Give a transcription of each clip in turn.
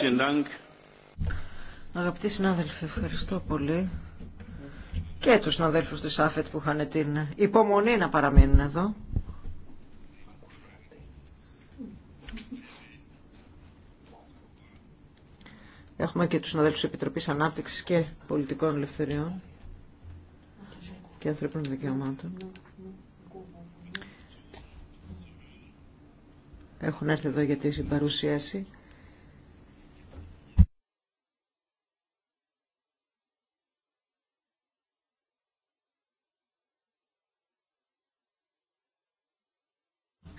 Dank. Αγαπητοί συνάδελφοι, ευχαριστώ πολύ και τους συναδέλφους της ΑΦΕΤ που είχαν την υπομονή να παραμείνουν εδώ. Έχουμε και τους συναδέλφους της Επιτροπής Ανάπτυξης και Πολιτικών Ελευθεριών και Ανθρώπινων Δικαιωμάτων. έχουν έρθει εδώ για την παρουσίαση.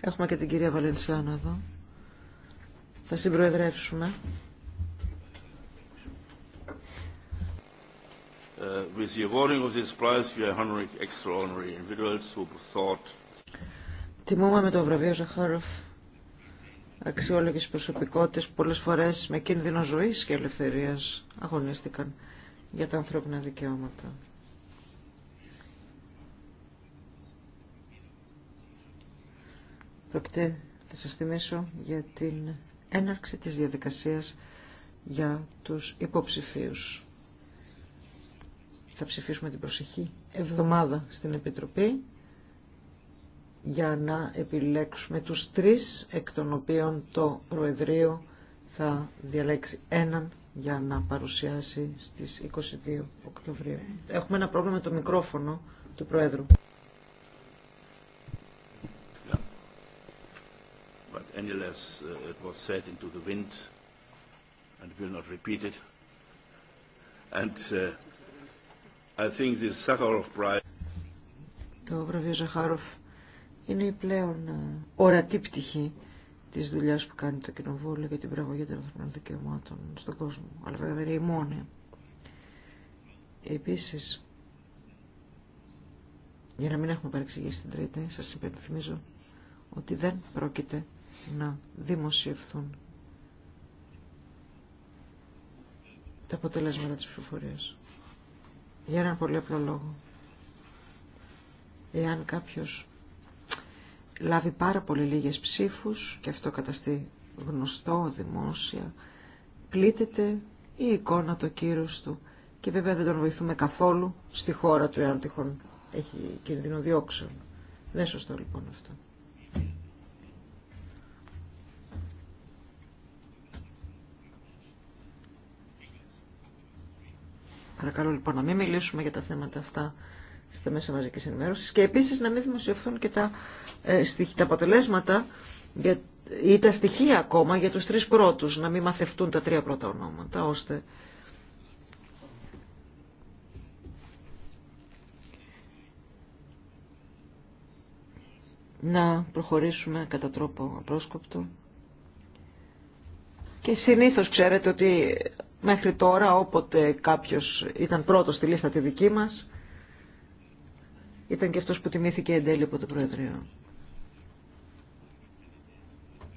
Έχουμε και την κυρία Βαλενσιάνο εδώ. Θα συμπροεδρεύσουμε. Τιμούμε με το βραβείο Ζαχάροφ αξιόλογες προσωπικότητες που πολλές φορές με κίνδυνο ζωής και ελευθερίας αγωνίστηκαν για τα ανθρώπινα δικαιώματα. Πρόκειται, θα σας θυμίσω, για την έναρξη της διαδικασίας για τους υποψηφίους. Θα ψηφίσουμε την προσεχή εβδομάδα στην Επιτροπή για να επιλέξουμε τους τρεις εκ των οποίων το Προεδρείο θα διαλέξει έναν για να παρουσιάσει στις 22 Οκτωβρίου. Έχουμε ένα πρόβλημα με το μικρόφωνο του Προέδρου. Το βραβείο Ζαχάροφ είναι η πλέον ε, ορατή πτυχή τη δουλειά που κάνει το Κοινοβούλιο για την πραγωγή των ανθρωπίνων δικαιωμάτων στον κόσμο. Αλλά βέβαια δεν είναι η μόνη. Επίση, για να μην έχουμε παρεξηγήσει την Τρίτη, σα υπενθυμίζω ότι δεν πρόκειται να δημοσιευθούν τα αποτελέσματα της ψηφοφορίας. Για έναν πολύ απλό λόγο. Εάν κάποιος λάβει πάρα πολύ λίγες ψήφους και αυτό καταστεί γνωστό δημόσια, πλήττεται η εικόνα το κύρος του και βέβαια δεν τον βοηθούμε καθόλου στη χώρα του εάν τυχόν έχει κίνδυνο διώξεων. Δεν ναι, σωστό λοιπόν αυτό. Παρακαλώ λοιπόν να μην μιλήσουμε για τα θέματα αυτά στα μέσα μαζική ενημέρωση. και επίση να μην δημοσιευθούν και τα, ε, τα αποτελέσματα για, ή τα στοιχεία ακόμα για τους τρεις πρώτους, να μην μαθευτούν τα τρία πρώτα ονόματα, ώστε να προχωρήσουμε κατά τρόπο απρόσκοπτο. Και συνήθως ξέρετε ότι μέχρι τώρα όποτε κάποιος ήταν πρώτος στη λίστα τη δική μας, ήταν και αυτός που τιμήθηκε εν τέλει από το Προεδρείο.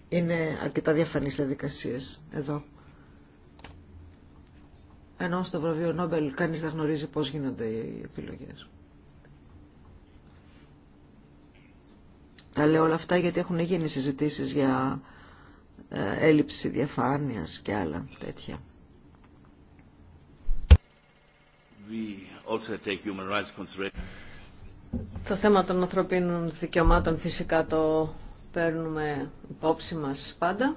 Είναι αρκετά διαφανείς διαδικασίε εδώ. Ενώ στο βραβείο Νόμπελ κανείς δεν γνωρίζει πώς γίνονται οι επιλογές. Τα λέω όλα αυτά γιατί έχουν γίνει συζητήσεις για ε, έλλειψη διαφάνειας και άλλα τέτοια. Το θέμα των ανθρωπίνων δικαιωμάτων φυσικά το παίρνουμε υπόψη μας πάντα.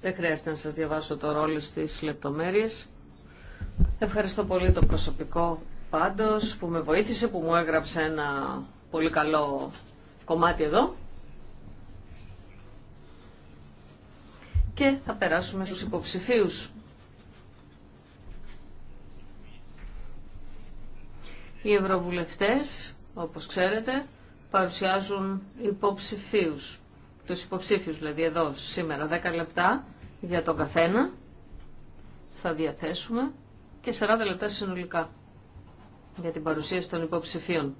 Δεν χρειάζεται να σας διαβάσω το ρόλο στις λεπτομέρειες. Ευχαριστώ πολύ το προσωπικό πάντως που με βοήθησε, που μου έγραψε ένα πολύ καλό κομμάτι εδώ. Και θα περάσουμε στους υποψηφίους. Οι ευρωβουλευτές όπως ξέρετε, παρουσιάζουν υποψηφίους. Τους υποψήφιους δηλαδή εδώ σήμερα 10 λεπτά για τον καθένα θα διαθέσουμε και 40 λεπτά συνολικά για την παρουσίαση των υποψηφίων.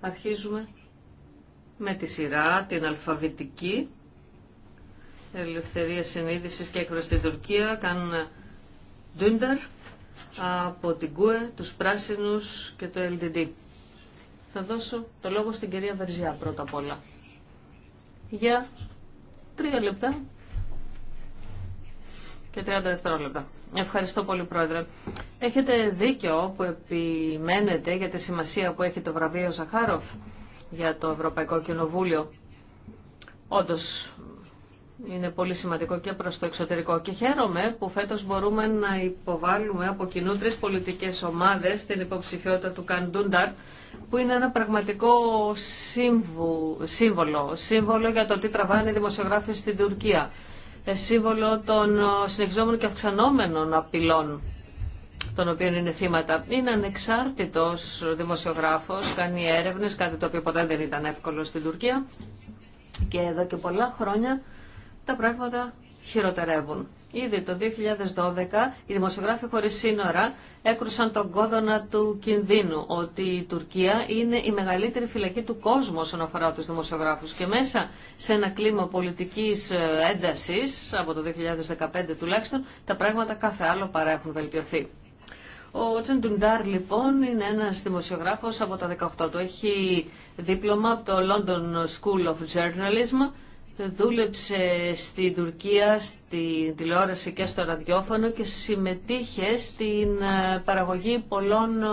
Αρχίζουμε με τη σειρά, την αλφαβητική, ελευθερία συνείδησης και έκφραση στην Τουρκία, κάνουν ντούνταρ, από την ΚΟΕ, τους Πράσινους και το LDD. Θα δώσω το λόγο στην κυρία Βερζιά πρώτα απ' όλα. Για τρία λεπτά και 30 δευτερόλεπτα. Ευχαριστώ πολύ, Πρόεδρε. Έχετε δίκιο που επιμένετε για τη σημασία που έχει το βραβείο Ζαχάροφ για το Ευρωπαϊκό Κοινοβούλιο. Όντως, είναι πολύ σημαντικό και προς το εξωτερικό και χαίρομαι που φέτος μπορούμε να υποβάλουμε από κοινού τρεις πολιτικές ομάδες την υποψηφιότητα του Καντούνταρ που είναι ένα πραγματικό σύμβολο, σύμβολο για το τι τραβάνε οι δημοσιογράφοι στην Τουρκία, ε, σύμβολο των ε, συνεχιζόμενων και αυξανόμενων απειλών των οποίων είναι θύματα. Είναι ανεξάρτητος δημοσιογράφος, κάνει έρευνες, κάτι το οποίο ποτέ δεν ήταν εύκολο στην Τουρκία και εδώ και πολλά χρόνια τα πράγματα χειροτερεύουν. Ήδη το 2012 οι δημοσιογράφοι χωρίς σύνορα έκρουσαν τον κόδωνα του κινδύνου ότι η Τουρκία είναι η μεγαλύτερη φυλακή του κόσμου όσον αφορά τους δημοσιογράφους και μέσα σε ένα κλίμα πολιτικής ε, έντασης από το 2015 τουλάχιστον τα πράγματα κάθε άλλο παρά έχουν βελτιωθεί. Ο Τσεντουντάρ λοιπόν είναι ένας δημοσιογράφος από τα 18 του. Έχει δίπλωμα από το London School of Journalism δούλεψε στην Τουρκία, στη τηλεόραση και στο ραδιόφωνο και συμμετείχε στην ε, παραγωγή πολλών ε,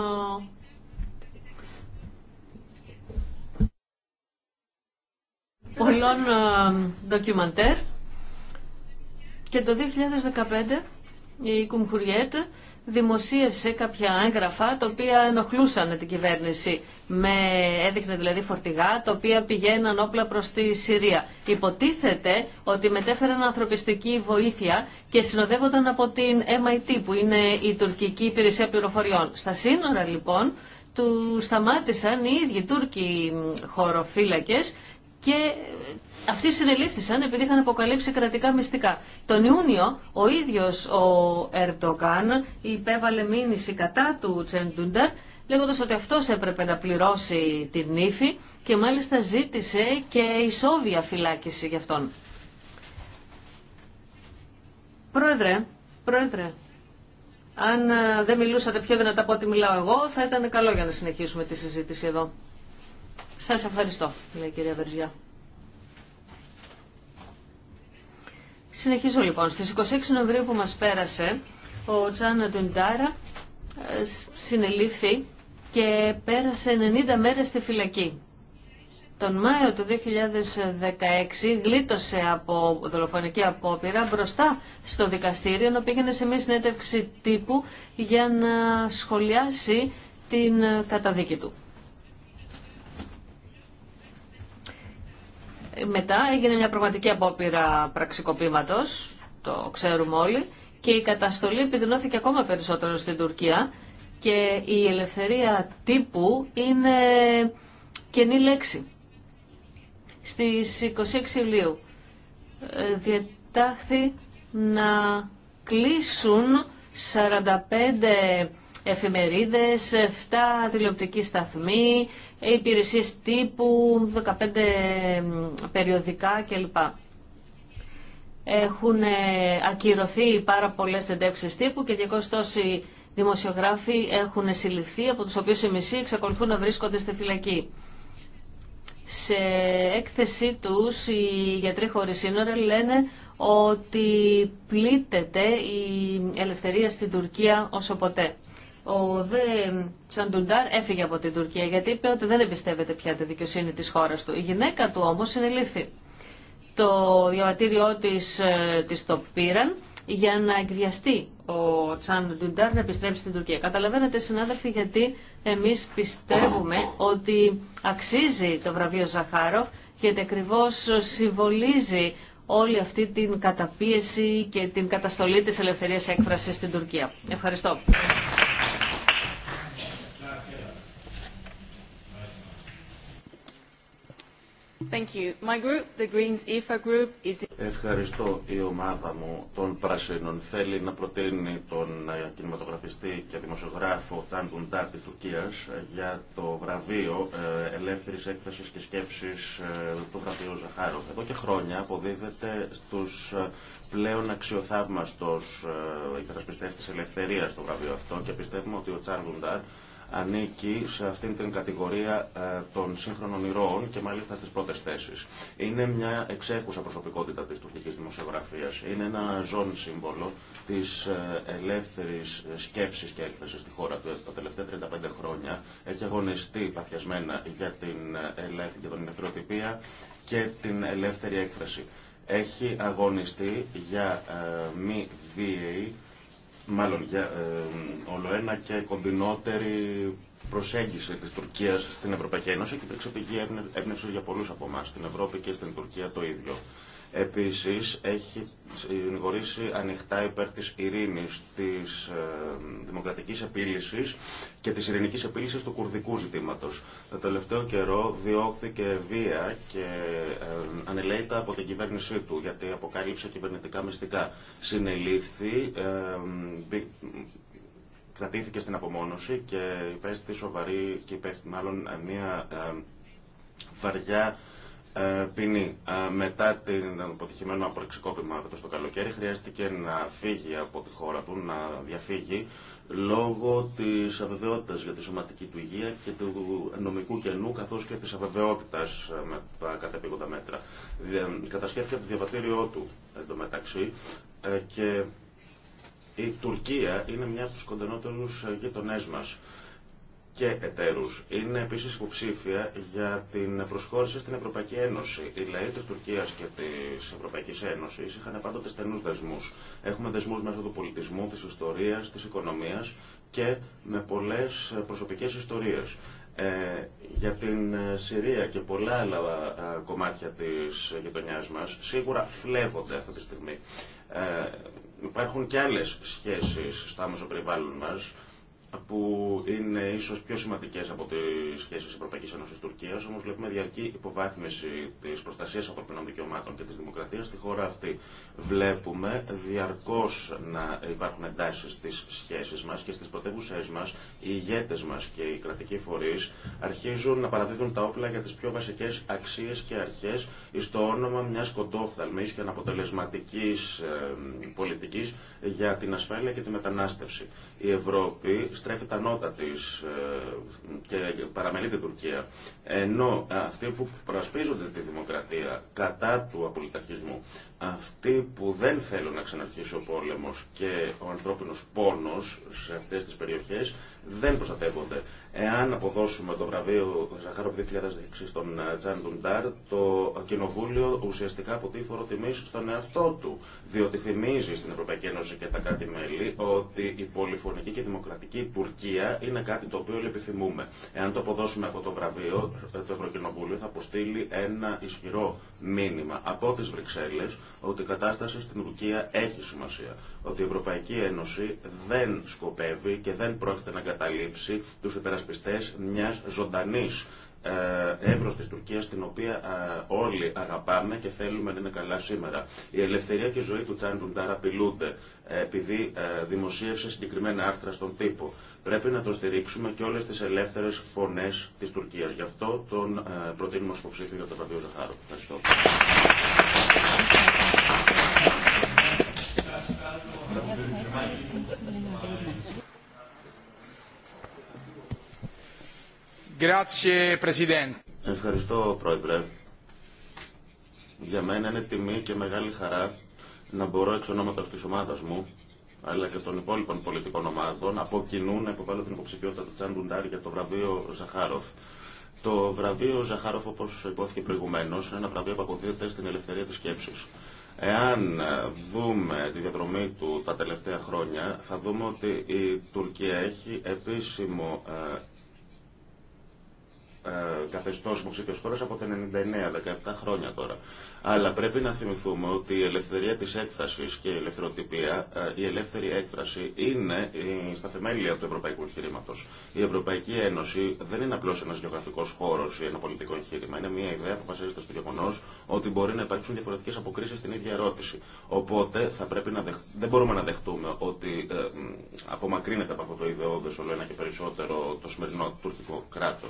πολλών ε, ντοκιμαντέρ και το 2015 η Κουμχουριέτ δημοσίευσε κάποια έγγραφα τα οποία ενοχλούσαν την κυβέρνηση. Με έδειχνε δηλαδή φορτηγά τα οποία πηγαίναν όπλα προς τη Συρία. Υποτίθεται ότι μετέφεραν ανθρωπιστική βοήθεια και συνοδεύονταν από την MIT που είναι η τουρκική υπηρεσία πληροφοριών. Στα σύνορα λοιπόν του σταμάτησαν οι ίδιοι Τούρκοι χωροφύλακες και αυτοί συνελήφθησαν επειδή είχαν αποκαλύψει κρατικά μυστικά. Τον Ιούνιο ο ίδιος ο Ερτοκάν υπέβαλε μήνυση κατά του Τσεντούνταρ λέγοντας ότι αυτός έπρεπε να πληρώσει την νύφη και μάλιστα ζήτησε και ισόβια φυλάκιση γι' αυτόν. Πρόεδρε, πρόεδρε, αν ε, δεν μιλούσατε πιο δυνατά από ό,τι μιλάω εγώ, θα ήταν καλό για να συνεχίσουμε τη συζήτηση εδώ. Σας ευχαριστώ, λέει η κυρία Βερζιά. Συνεχίζω λοιπόν. Στις 26 Νοεμβρίου που μας πέρασε, ο Τζάνα Τουντάρα ε, συνελήφθη και πέρασε 90 μέρες στη φυλακή. Τον Μάιο του 2016 γλίτωσε από δολοφονική απόπειρα μπροστά στο δικαστήριο ενώ πήγαινε σε μια συνέντευξη τύπου για να σχολιάσει την καταδίκη του. Μετά έγινε μια πραγματική απόπειρα πραξικοπήματο, το ξέρουμε όλοι, και η καταστολή επιδεινώθηκε ακόμα περισσότερο στην Τουρκία και η ελευθερία τύπου είναι καινή λέξη. Στις 26 Ιουλίου ε, διετάχθη να κλείσουν 45 εφημερίδες, 7 τηλεοπτικοί σταθμοί, υπηρεσίες τύπου, 15 περιοδικά κλπ. Έχουν ε, ακυρωθεί πάρα πολλές εντεύξεις τύπου και 200 τόσοι δημοσιογράφοι έχουν συλληφθεί, από τους οποίους οι μισοί εξακολουθούν να βρίσκονται στη φυλακή. Σε έκθεσή τους οι γιατροί χωρίς σύνορα λένε ότι πλήττεται η ελευθερία στην Τουρκία όσο ποτέ. Ο Δε Τσαντουντάρ έφυγε από την Τουρκία γιατί είπε ότι δεν εμπιστεύεται πια τη δικαιοσύνη της χώρας του. Η γυναίκα του όμως συνελήφθη. Το διαβατήριό της, ε, της το πήραν για να εκβιαστεί ο Τσαντουντάρ να επιστρέψει στην Τουρκία. Καταλαβαίνετε συνάδελφοι γιατί εμείς πιστεύουμε ότι αξίζει το βραβείο Ζαχάροφ γιατί ακριβώ συμβολίζει όλη αυτή την καταπίεση και την καταστολή της ελευθερίας έκφρασης στην Τουρκία. Ευχαριστώ. E Ευχαριστώ. Η ομάδα μου των Πρασίνων θέλει να προτείνει τον ε, κινηματογραφιστή και δημοσιογράφο Τσάντουν Ντάρ ε, για το βραβείο ε, ελεύθερης έκφρασης και σκέψης του βραβείου Ζαχάροφ. Εδώ και χρόνια αποδίδεται στους πλέον αξιοθαύμαστος υπερασπιστές της ελευθερίας το βραβείο αυτό και πιστεύουμε ότι ο Τσάντουν ανήκει σε αυτήν την κατηγορία ε, των σύγχρονων ηρώων και μάλιστα στις πρώτες θέσεις. Είναι μια εξέχουσα προσωπικότητα της τουρκικής δημοσιογραφίας. Είναι ένα ζών σύμβολο της ε, ελεύθερης ε, σκέψης και έκθεσης στη χώρα του. Τα τελευταία 35 χρόνια έχει αγωνιστεί παθιασμένα για την ελεύθερη και τον ελευθεροτυπία και την ελεύθερη έκφραση. Έχει αγωνιστεί για μη βίαιη μάλλον για ε, όλο ένα και κοντινότερη προσέγγιση της Τουρκίας στην Ευρωπαϊκή Ένωση και υπήρξε πηγή έμπνευση για πολλούς από εμά στην Ευρώπη και στην Τουρκία το ίδιο. Επίσης, έχει συνηγορήσει ανοιχτά υπέρ της ειρήνης, της ε, δημοκρατικής επίλυσης και της ειρηνικής επίλυσης του κουρδικού ζητήματος. Το τελευταίο καιρό διώχθηκε βία και ε, από την κυβέρνησή του, γιατί αποκάλυψε κυβερνητικά μυστικά. Συνελήφθη, ε, κρατήθηκε στην απομόνωση και υπέστη σοβαρή και υπέστη μάλλον μια ε, βαριά ε, ποινή. Ε, μετά την αποτυχημένο απορριξικόπημα φέτος το καλοκαίρι χρειάστηκε να φύγει από τη χώρα του, να διαφύγει λόγω της αβεβαιότητας για τη σωματική του υγεία και του νομικού κενού καθώς και της αβεβαιότητας ε, με τα καθεπίγοντα μέτρα. κατασχέθηκε το διαβατήριό του εντωμεταξύ και η Τουρκία είναι μια από τους κοντενότερους γειτονές μας και εταίρους. Είναι επίσης υποψήφια για την προσχώρηση στην Ευρωπαϊκή Ένωση. Οι λαοί της Τουρκίας και της Ευρωπαϊκής Ένωσης είχαν πάντοτε στενούς δεσμούς. Έχουμε δεσμούς μέσω του πολιτισμού, της ιστορίας, της οικονομίας και με πολλές προσωπικές ιστορίες. Ε, για την Συρία και πολλά άλλα ε, κομμάτια της γειτονιάς μας σίγουρα φλέγονται αυτή τη στιγμή. Ε, υπάρχουν και άλλες σχέσεις στο άμεσο περιβάλλον μας που είναι ίσω πιο σημαντικέ από τι σχέσεις Ευρωπαϊκή Ένωση Τουρκία, όμω βλέπουμε διαρκή υποβάθμιση της προστασίας ανθρωπινών δικαιωμάτων και τη δημοκρατία. στη χώρα αυτή. Βλέπουμε διαρκώ να υπάρχουν εντάσεις στι σχέσει μα και στι πρωτεύουσε μα, οι ηγέτες μα και οι κρατικοί φορεί αρχίζουν να παραδίδουν τα όπλα για τι πιο βασικέ αξίε και αρχές στο όνομα μια κοντόφθαλμη και ε, πολιτική για την ασφάλεια και τη μετανάστευση. Η Ευρώπη στρέφει τα νότα τη ε, και παραμελεί την Τουρκία. Ενώ αυτοί που προασπίζονται τη δημοκρατία κατά του απολυταρχισμού αυτοί που δεν θέλουν να ξαναρχίσει ο πόλεμος και ο ανθρώπινος πόνος σε αυτές τις περιοχές δεν προστατεύονται. Εάν αποδώσουμε το βραβείο Ζαχάροφ 2016 στον ε, Τζαν Ντουντάρ, το κοινοβούλιο ουσιαστικά αποτεί φοροτιμή στον εαυτό του, διότι θυμίζει στην Ευρωπαϊκή Ένωση και τα κράτη-μέλη ότι η πολυφωνική και δημοκρατική Τουρκία είναι κάτι το οποίο επιθυμούμε. Εάν το αποδώσουμε αυτό το βραβείο, ε, το Ευρωκοινοβούλιο θα αποστείλει ένα ισχυρό μήνυμα από τι Βρυξέλλε, ότι η κατάσταση στην Τουρκία έχει σημασία. Ότι η Ευρωπαϊκή Ένωση δεν σκοπεύει και δεν πρόκειται να καταλήψει τους υπερασπιστές μιας ζωντανής ε, εύρος της Τουρκίας την οποία ε, όλοι αγαπάμε και θέλουμε να είναι καλά σήμερα. Η ελευθερία και η ζωή του Τσάν Τουντάρα απειλούνται ε, επειδή δημοσίευσε συγκεκριμένα άρθρα στον τύπο. Πρέπει να το στηρίξουμε και όλες τις ελεύθερες φωνές της Τουρκίας. Γι' αυτό τον προτείνουμε ως υποψήφιο για το βραβείο Ζαχάρο. Ευχαριστώ. Ευχαριστώ, Πρόεδρε. Για μένα είναι τιμή και μεγάλη χαρά να μπορώ εξ ονόματος της ομάδας μου αλλά και των υπόλοιπων πολιτικών ομάδων από κοινού να υποβάλω την υποψηφιότητα του Τσάν Ντουντάρη για το βραβείο Ζαχάροφ. Το βραβείο Ζαχάροφ, όπω υπόθηκε προηγουμένω, είναι ένα βραβείο που αποδίδεται στην ελευθερία τη σκέψη. Εάν δούμε τη διαδρομή του τα τελευταία χρόνια, θα δούμε ότι η Τουρκία έχει επίσημο ε, ε, καθεστώ υποψήφιο χώρα από τα 99, 17 χρόνια τώρα. Αλλά πρέπει να θυμηθούμε ότι η ελευθερία τη έκφραση και η ελευθεροτυπία, ε, η ελεύθερη έκφραση είναι στα θεμέλια του ευρωπαϊκού εγχειρήματο. Η Ευρωπαϊκή Ένωση δεν είναι απλώ ένα γεωγραφικό χώρο ή ένα πολιτικό εγχείρημα. Είναι μια ιδέα που βασίζεται στο γεγονό ότι μπορεί να υπάρξουν διαφορετικέ αποκρίσει στην ίδια ερώτηση. Οπότε θα πρέπει να δεν μπορούμε να δεχτούμε ότι ε, απομακρύνεται από αυτό το ιδεώδε ένα και περισσότερο το σημερινό τουρκικό κράτο.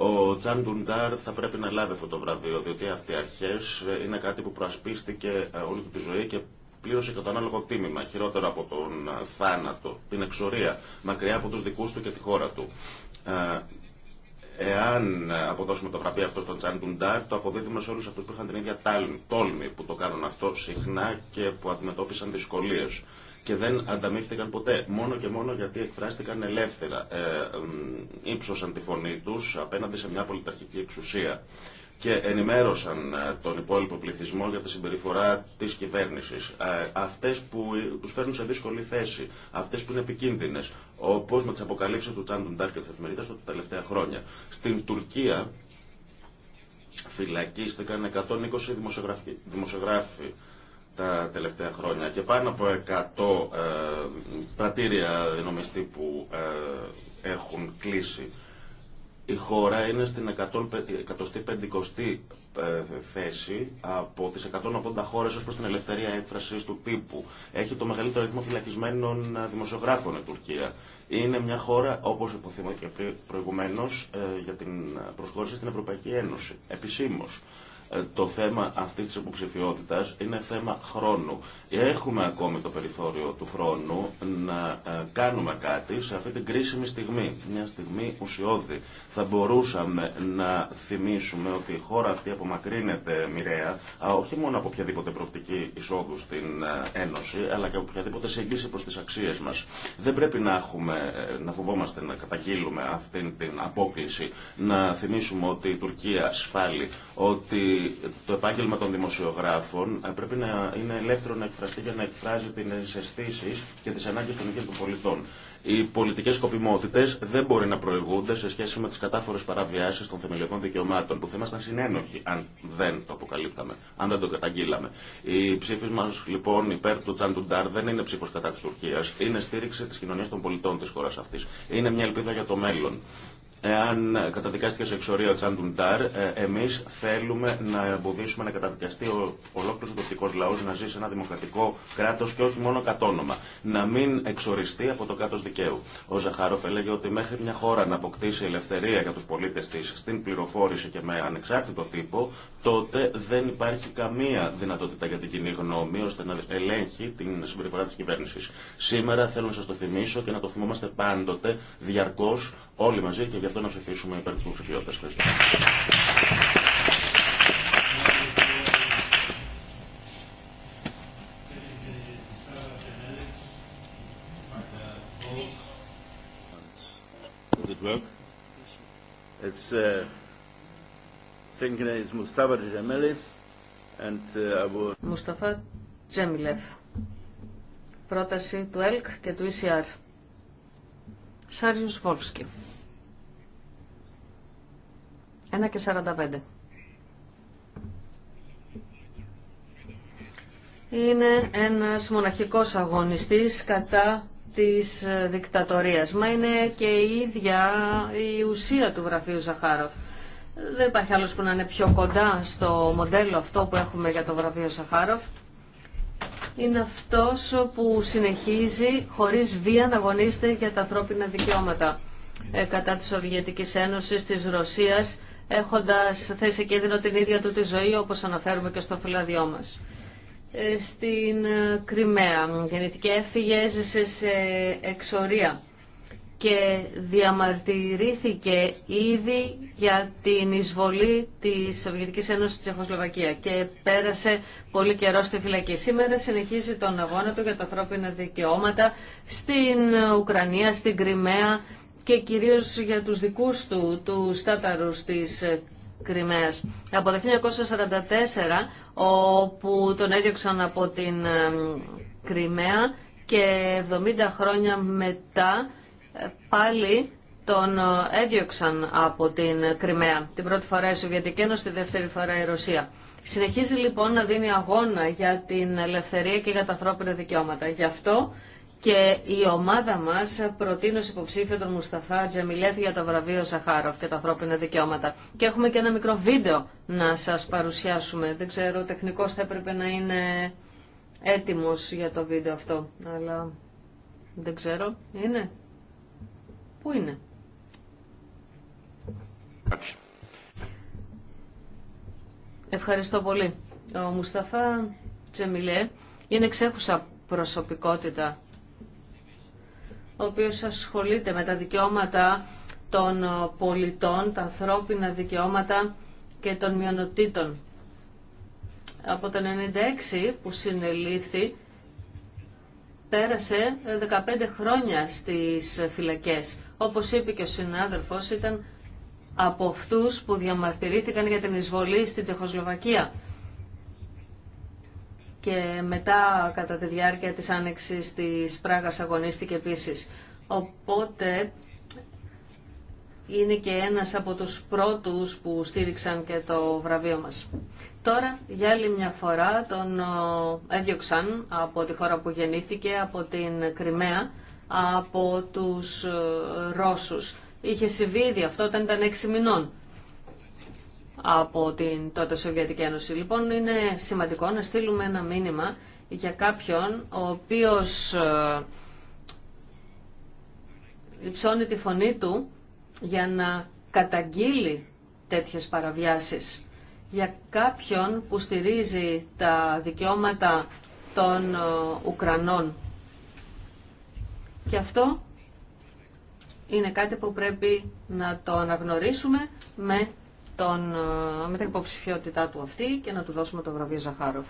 Ο Τζαν Ντουντάρ θα πρέπει να λάβει αυτό το βραβείο, διότι αυτοί οι αρχέ ε, είναι κάτι που προασπίστηκε ε, όλη του τη ζωή και πλήρωσε και το ανάλογο τίμημα, χειρότερο από τον ε, θάνατο, την εξορία, μακριά από του δικού του και τη χώρα του. Εάν αποδώσουμε το βραβείο αυτό στον Τζαν Ντουντάρ, το αποδίδουμε σε όλου αυτού που είχαν την ίδια τόλμη που το κάνουν αυτό συχνά και που αντιμετώπισαν δυσκολίε και δεν ανταμείφθηκαν ποτέ. Μόνο και μόνο γιατί εκφράστηκαν ελεύθερα. Ε, ύψωσαν τη φωνή του, απέναντι σε μια πολιταρχική εξουσία και ενημέρωσαν ε, τον υπόλοιπο πληθυσμό για τη συμπεριφορά της κυβέρνησης. Ε, αυτές που ε, τους φέρνουν σε δύσκολη θέση, αυτές που είναι επικίνδυνες, όπως με τις αποκαλύψεις του Τσάντουν Τάρκετ της εφημερίδας τα τελευταία χρόνια. Στην Τουρκία φυλακίστηκαν 120 δημοσιογράφοι τα τελευταία χρόνια και πάνω από 100 ε, πρατήρια νομιστή που ε, έχουν κλείσει. Η χώρα είναι στην 150η ε, θέση από τις 180 χώρες ως προς την ελευθερία έκφραση του τύπου. Έχει το μεγαλύτερο αριθμό φυλακισμένων δημοσιογράφων η Τουρκία. Είναι μια χώρα, όπως υποθυμώ και προηγουμένως, για την προσχώρηση στην Ευρωπαϊκή Ένωση, επισήμως. Ε, το θέμα αυτή τη υποψηφιότητα είναι θέμα χρόνου. Έχουμε ακόμη το περιθώριο του χρόνου να ε, κάνουμε κάτι σε αυτή την κρίσιμη στιγμή. Μια στιγμή ουσιώδη. Θα μπορούσαμε να θυμίσουμε ότι η χώρα αυτή απομακρύνεται μοιραία, όχι μόνο από οποιαδήποτε προοπτική εισόδου στην ε, Ένωση, αλλά και από οποιαδήποτε σύγκληση προ τι αξίε μα. Δεν πρέπει να, έχουμε, να φοβόμαστε να καταγγείλουμε αυτή την απόκληση, να θυμίσουμε ότι η Τουρκία ασφάλει, ότι το επάγγελμα των δημοσιογράφων ε, πρέπει να είναι ελεύθερο να εκφραστεί για να εκφράζει τις αισθήσει και τι ανάγκε των ίδιων των πολιτών. Οι πολιτικέ σκοπιμότητες δεν μπορεί να προηγούνται σε σχέση με τι κατάφορε παραβιάσει των θεμελιωδών δικαιωμάτων που θα ήμασταν συνένοχοι αν δεν το αποκαλύπταμε, αν δεν το καταγγείλαμε. Η ψήφη μα, λοιπόν υπέρ του Τσαντουντάρ δεν είναι ψήφο κατά τη Τουρκία, είναι στήριξη τη κοινωνία των πολιτών τη χώρα αυτή. Είναι μια ελπίδα για το μέλλον. Εάν καταδικάστηκε σε εξορία ο Τσάντουν Ταρ ε, εμεί θέλουμε να εμποδίσουμε να καταδικαστεί ο ολόκληρο τοπικό λαό να ζει σε ένα δημοκρατικό κράτο και όχι μόνο όνομα. Να μην εξοριστεί από το κράτο δικαίου. Ο Ζαχάροφ έλεγε ότι μέχρι μια χώρα να αποκτήσει ελευθερία για του πολίτε τη στην πληροφόρηση και με ανεξάρτητο τύπο, τότε δεν υπάρχει καμία δυνατότητα για την κοινή γνώμη ώστε να ελέγχει την συμπεριφορά τη κυβέρνηση. Σήμερα θέλω να σα το θυμίσω και να το θυμόμαστε πάντοτε διαρκώ όλοι μαζί και Γι' αυτό να ψηφίσουμε υπέρ της υποψηφιότητας. Ευχαριστώ. Μουσταφά Τζέμιλεφ. Uh, uh, Πρόταση του ΕΛΚ και του ECR. Σάριος Βόλφσκι. 1 και 45. Είναι ένας μοναχικός αγωνιστής κατά της ε, δικτατορίας. Μα είναι και η ίδια η ουσία του γραφείου Ζαχάροφ. Δεν υπάρχει άλλος που να είναι πιο κοντά στο μοντέλο αυτό που έχουμε για το βραβείο Ζαχάροφ. Είναι αυτός που συνεχίζει χωρίς βία να αγωνίζεται για τα ανθρώπινα δικαιώματα ε, κατά της Σοβιετικής Ένωσης, της Ρωσίας έχοντας θέσει και κίνδυνο την ίδια του τη ζωή, όπως αναφέρουμε και στο φυλαδιό μας. Ε, στην ε, Κρυμαία, γεννητική έφυγε, έζησε σε εξορία και διαμαρτυρήθηκε ήδη για την εισβολή της Σοβιετικής Ένωσης στη Τσεχοσλοβακία και πέρασε πολύ καιρό στη φυλακή. Σήμερα συνεχίζει τον αγώνα του για τα ανθρώπινα δικαιώματα στην Ουκρανία, στην Κρυμαία, και κυρίως για τους δικούς του, του στάταρους της ε, Κρυμαίας. Από το 1944, όπου τον έδιωξαν από την ε, Κρυμαία και 70 χρόνια μετά ε, πάλι τον έδιωξαν από την Κρυμαία. Την πρώτη φορά η Σοβιετική Ένωση, τη δεύτερη φορά η Ρωσία. Συνεχίζει λοιπόν να δίνει αγώνα για την ελευθερία και για τα ανθρώπινα δικαιώματα. Γι' αυτό και η ομάδα μας προτείνω σε υποψήφιο τον Μουσταφά Τζεμιλέφ για το βραβείο Σαχάροφ και τα ανθρώπινα δικαιώματα. Και έχουμε και ένα μικρό βίντεο να σας παρουσιάσουμε. Δεν ξέρω, ο τεχνικός θα έπρεπε να είναι έτοιμο για το βίντεο αυτό, αλλά δεν ξέρω. Είναι. Πού είναι. Ευχαριστώ πολύ. Ο Μουσταφά Τζεμιλέ είναι εξέχουσα προσωπικότητα ο οποίος ασχολείται με τα δικαιώματα των πολιτών, τα ανθρώπινα δικαιώματα και των μειονοτήτων. Από το 1996 που συνελήφθη, πέρασε 15 χρόνια στις φυλακές. Όπως είπε και ο συνάδελφος, ήταν από αυτούς που διαμαρτυρήθηκαν για την εισβολή στην Τσεχοσλοβακία και μετά κατά τη διάρκεια της άνοιξης της Πράγας αγωνίστηκε επίσης. Οπότε είναι και ένας από τους πρώτους που στήριξαν και το βραβείο μας. Τώρα, για άλλη μια φορά, τον έδιωξαν από τη χώρα που γεννήθηκε, από την Κρυμαία, από τους ε, Ρώσους. Είχε συμβεί ήδη αυτό όταν ήταν 6 μηνών από την τότε Σοβιετική Ένωση. Λοιπόν, είναι σημαντικό να στείλουμε ένα μήνυμα για κάποιον ο οποίος ε, υψώνει τη φωνή του για να καταγγείλει τέτοιες παραβιάσεις. Για κάποιον που στηρίζει τα δικαιώματα των ε, Ουκρανών. Και αυτό είναι κάτι που πρέπει να το αναγνωρίσουμε με τον, ε, με την υποψηφιότητά του αυτή και να του δώσουμε το βραβείο Ζαχάροφ.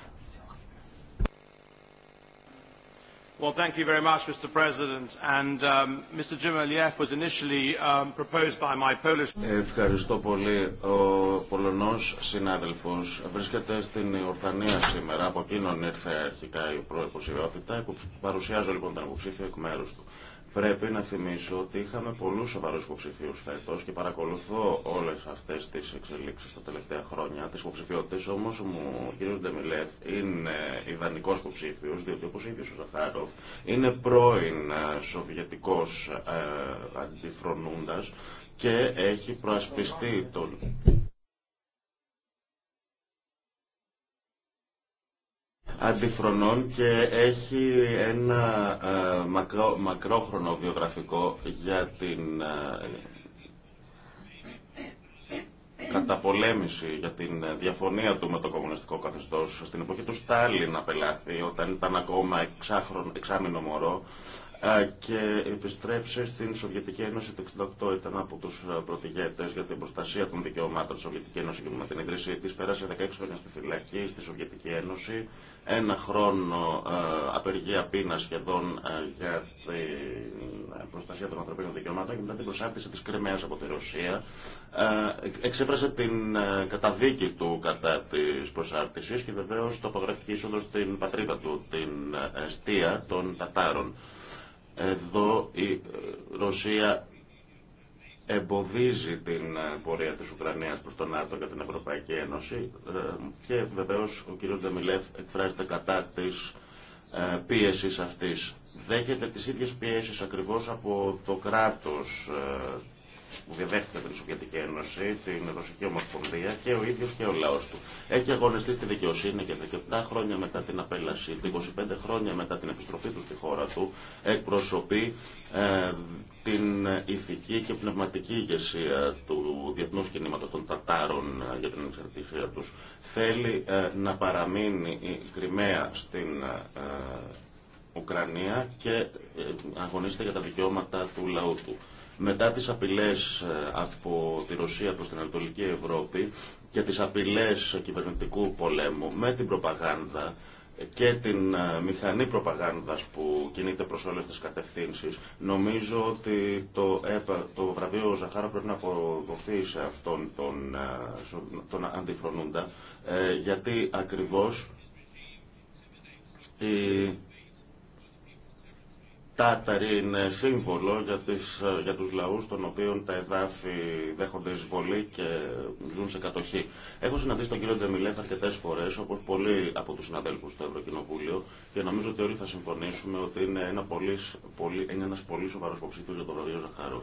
Ευχαριστώ πολύ. Ο Πολωνός συνάδελφος βρίσκεται στην Ορθανία σήμερα. Από εκείνον ήρθε αρχικά η προϋποψηφιότητα. Παρουσιάζω λοιπόν τον υποψηφία εκ μέρους του. Πρέπει να θυμίσω ότι είχαμε πολλού σοβαρού υποψηφίου φέτο και παρακολουθώ όλε αυτέ τι εξελίξει τα τελευταία χρόνια, τις υποψηφιότητες, όμως ο κ. Ντεμιλεύ είναι ιδανικό υποψήφιο, διότι όπως είπε ο Ζαχάροφ, είναι πρώην ε, σοβιετικό αντιφρονούντα ε, αντιφρονούντας και έχει προασπιστεί τον αντιφρονών και έχει ένα ε, μακρό, μακρόχρονο βιογραφικό για την ε, καταπολέμηση για την διαφωνία του με το κομμουνιστικό καθεστώς στην εποχή του Στάλιν απελάθη, όταν ήταν ακόμα εξάχρον, εξάμεινο μωρό, και επιστρέψει στην Σοβιετική Ένωση το 1968 ήταν από του πρωτηγέτε για την προστασία των δικαιωμάτων τη Σοβιετική Ένωση και με την εγκρίση τη πέρασε 16 χρόνια στη φυλακή στη Σοβιετική Ένωση, ένα χρόνο απεργία πείνα σχεδόν για την προστασία των ανθρωπίνων δικαιωμάτων και μετά την προσάρτηση τη Κρυμαία από τη Ρωσία. εξέφρασε την καταδίκη του κατά τη προσάρτηση και βεβαίω το απογραφική είσοδο στην πατρίδα του, την αιστεία των Τατάρων. Εδώ η ε, Ρωσία εμποδίζει την ε, πορεία της Ουκρανίας προς τον ΝΑΤΟ και την Ευρωπαϊκή Ένωση ε, και βεβαίως ο κ. Ντεμιλέφ εκφράζεται κατά της πίεσης αυτής. Δέχεται τις ίδιες πιέσεις ακριβώς από το κράτος που διαδέχτηκε την Σοβιετική Ένωση, την Ρωσική Ομοσπονδία και ο ίδιο και ο λαό του. Έχει αγωνιστεί στη δικαιοσύνη και 17 χρόνια μετά την απέλαση 25 χρόνια μετά την επιστροφή του στη χώρα του, εκπροσωπεί ε, την ηθική και πνευματική ηγεσία του διεθνού κινήματο των Τατάρων ε, για την εξαρτησία του. Θέλει ε, να παραμείνει η Κρυμαία στην. Ουκρανία και αγωνίζεται για τα δικαιώματα του λαού του. Μετά τις απειλές ε, από τη Ρωσία προς την Ανατολική Ευρώπη και τις απειλές κυβερνητικού πολέμου με την προπαγάνδα και την ε, μηχανή προπαγάνδας που κινείται προς όλες τις κατευθύνσεις. Νομίζω ότι το, το βραβείο Ζαχάρα πρέπει να αποδοθεί σε αυτόν τον, ε, τον αντιφρονούντα, γιατί ακριβώς Τάταροι είναι σύμβολο για, τις, ε, για τους λαούς των οποίων τα εδάφη δέχονται εισβολή και ζουν σε κατοχή. Έχω συναντήσει τον κύριο Τζεμιλέφ αρκετές φορές, όπως πολλοί από τους συναδέλφους στο Ευρωκοινοβούλιο και νομίζω ότι όλοι θα συμφωνήσουμε ότι είναι, ένα πολύ, πολύ, είναι ένας πολύ σοβαρός υποψήφιος για τον Ροδίο Ζαχαρό.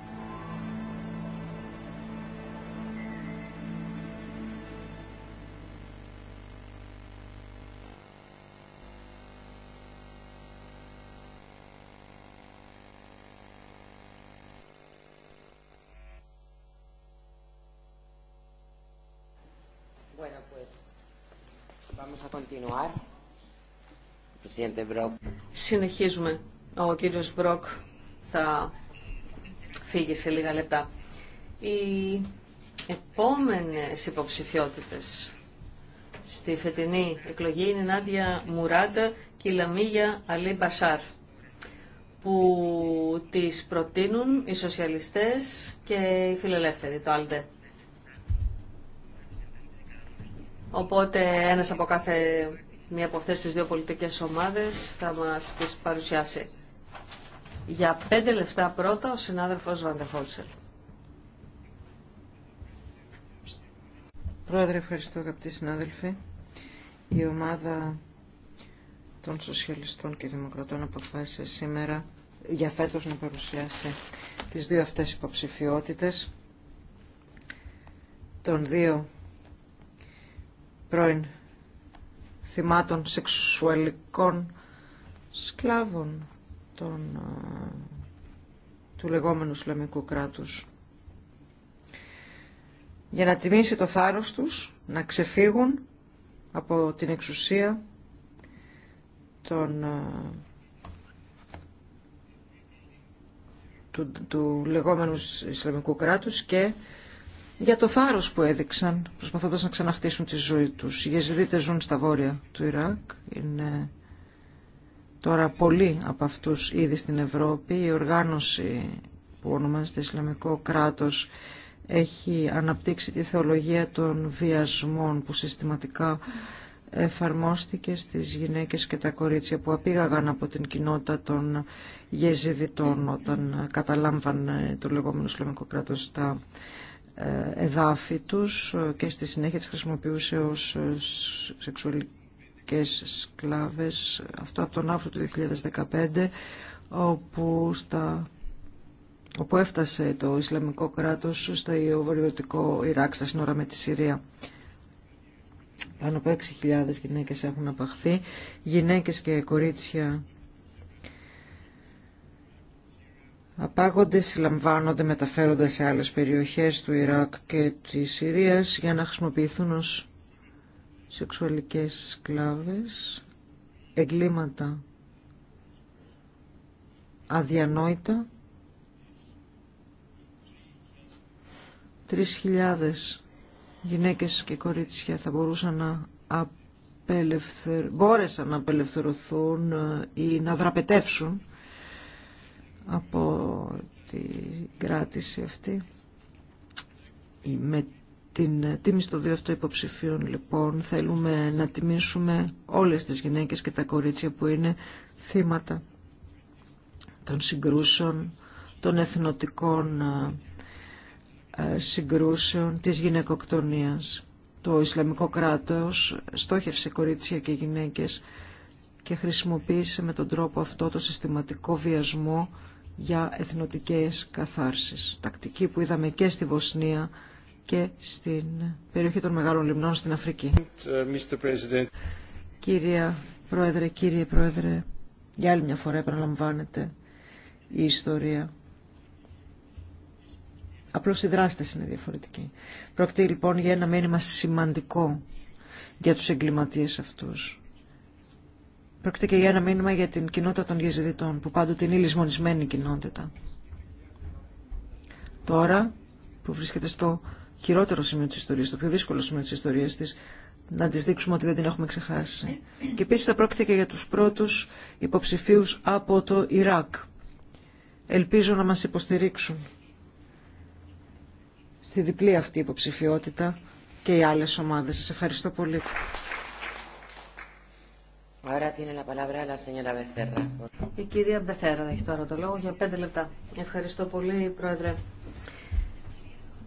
Συνεχίζουμε. Ο κύριος Μπροκ θα φύγει σε λίγα λεπτά. Οι επόμενες υποψηφιότητες στη φετινή εκλογή είναι η Νάντια Μουράντα και η Λαμίγια Αλή Μπασάρ που τις προτείνουν οι σοσιαλιστές και οι φιλελεύθεροι, το ΑΛΔΕ. Οπότε ένας από κάθε μία από αυτές τις δύο πολιτικές ομάδες θα μας τις παρουσιάσει. Για πέντε λεπτά πρώτα ο συνάδελφος Βαντεχόλσελ. Πρόεδρε, ευχαριστώ αγαπητοί συνάδελφοι. Η ομάδα των Σοσιαλιστών και Δημοκρατών αποφάσισε σήμερα για φέτος να παρουσιάσει τις δύο αυτές υποψηφιότητες των δύο πρώην θυμάτων σεξουαλικών σκλάβων των, του λεγόμενου Ισλαμικού κράτους. Για να τιμήσει το θάρρος τους, να ξεφύγουν από την εξουσία των, του, του λεγόμενου Ισλαμικού κράτους και για το θάρρος που έδειξαν προσπαθώντας να ξαναχτίσουν τη ζωή τους. Οι Γεζιδίτες ζουν στα βόρεια του Ιράκ, είναι τώρα πολλοί από αυτούς ήδη στην Ευρώπη. Η οργάνωση που ονομάζεται Ισλαμικό κράτος έχει αναπτύξει τη θεολογία των βιασμών που συστηματικά εφαρμόστηκε στις γυναίκες και τα κορίτσια που απήγαγαν από την κοινότητα των γεζιδιτών όταν καταλάμβανε το λεγόμενο Ισλαμικό κράτος στα ε, εδάφη τους ε, και στη συνέχεια τις χρησιμοποιούσε ως ε, σεξουαλικές σκλάβες αυτό από τον Αύριο του 2015 όπου, στα, όπου έφτασε το Ισλαμικό κράτος στο βορειοδυτικό Ιράκ στα σύνορα με τη Συρία πάνω από 6.000 γυναίκες έχουν απαχθεί γυναίκες και κορίτσια απάγονται, συλλαμβάνονται, μεταφέρονται σε άλλες περιοχές του Ιράκ και της Συρίας για να χρησιμοποιηθούν ως σεξουαλικές σκλάβες, εγκλήματα αδιανόητα, 3.000 γυναίκες και κορίτσια θα μπορούσαν να απελευθερ... μπόρεσαν να απελευθερωθούν ε, ή να δραπετεύσουν από την κράτηση αυτή. Με την τίμηση των δύο αυτών υποψηφίων λοιπόν θέλουμε να τιμήσουμε όλες τις γυναίκες και τα κορίτσια που είναι θύματα των συγκρούσεων, των εθνοτικών ε, ε, συγκρούσεων, της γυναικοκτονίας. Το Ισλαμικό κράτος στόχευσε κορίτσια και γυναίκες και χρησιμοποίησε με τον τρόπο αυτό το συστηματικό βιασμό για εθνοτικές καθάρσεις. Τακτική που είδαμε και στη Βοσνία και στην περιοχή των Μεγάλων Λιμνών στην Αφρική. Κύριε Πρόεδρε, κύριε Πρόεδρε, για άλλη μια φορά επαναλαμβάνεται η ιστορία. Απλώς οι δράστες είναι διαφορετικοί. Πρόκειται λοιπόν για ένα μήνυμα σημαντικό για τους εγκληματίες αυτούς. Πρόκειται και για ένα μήνυμα για την κοινότητα των Γεζιδιτών, που πάντοτε είναι η λησμονισμένη κοινότητα. Τώρα που βρίσκεται στο χειρότερο σημείο της ιστορίας, το πιο δύσκολο σημείο της ιστορίας της, να τη δείξουμε ότι δεν την έχουμε ξεχάσει. Και επίσης θα πρόκειται και για τους πρώτους υποψηφίους από το Ιράκ. Ελπίζω να μας υποστηρίξουν στη διπλή αυτή υποψηφιότητα και οι άλλες ομάδες. Σας ευχαριστώ πολύ. Η κυρία Μπεθέρα έχει τώρα το λόγο για πέντε λεπτά. Ευχαριστώ πολύ, Πρόεδρε.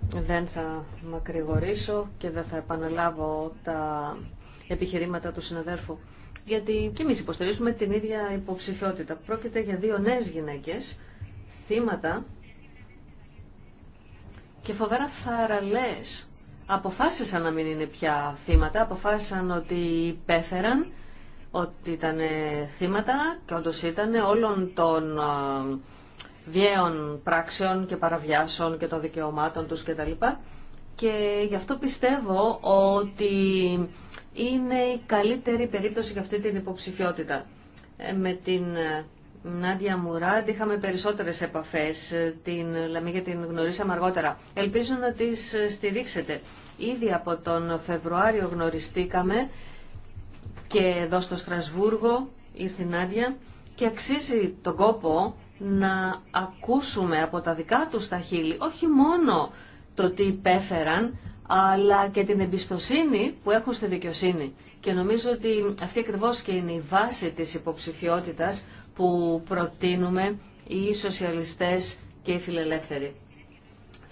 Δεν θα μακρηγορήσω και δεν θα επαναλάβω τα επιχειρήματα του συναδέρφου. Γιατί και εμείς υποστηρίζουμε την ίδια υποψηφιότητα. Πρόκειται για δύο νέες γυναίκες, θύματα και φοβερά θαραλές. Αποφάσισαν να μην είναι πια θύματα, αποφάσισαν ότι υπέφεραν ότι ήταν θύματα και όντω ήταν όλων των βιαίων πράξεων και παραβιάσεων και των δικαιωμάτων τους κτλ. Και γι' αυτό πιστεύω ότι είναι η καλύτερη περίπτωση για αυτή την υποψηφιότητα. Ε, με την ε, Νάντια Μουράντ είχαμε περισσότερες επαφές, ε, την Λαμίγια την γνωρίσαμε αργότερα. Ελπίζω να τις στηρίξετε. Ήδη από τον Φεβρουάριο γνωριστήκαμε και εδώ στο Στρασβούργο ήρθε η Νάντια και αξίζει τον κόπο να ακούσουμε από τα δικά τους τα χείλη όχι μόνο το τι υπέφεραν αλλά και την εμπιστοσύνη που έχουν στη δικαιοσύνη. Και νομίζω ότι αυτή ακριβώ και είναι η βάση της υποψηφιότητας που προτείνουμε οι σοσιαλιστές και οι φιλελεύθεροι.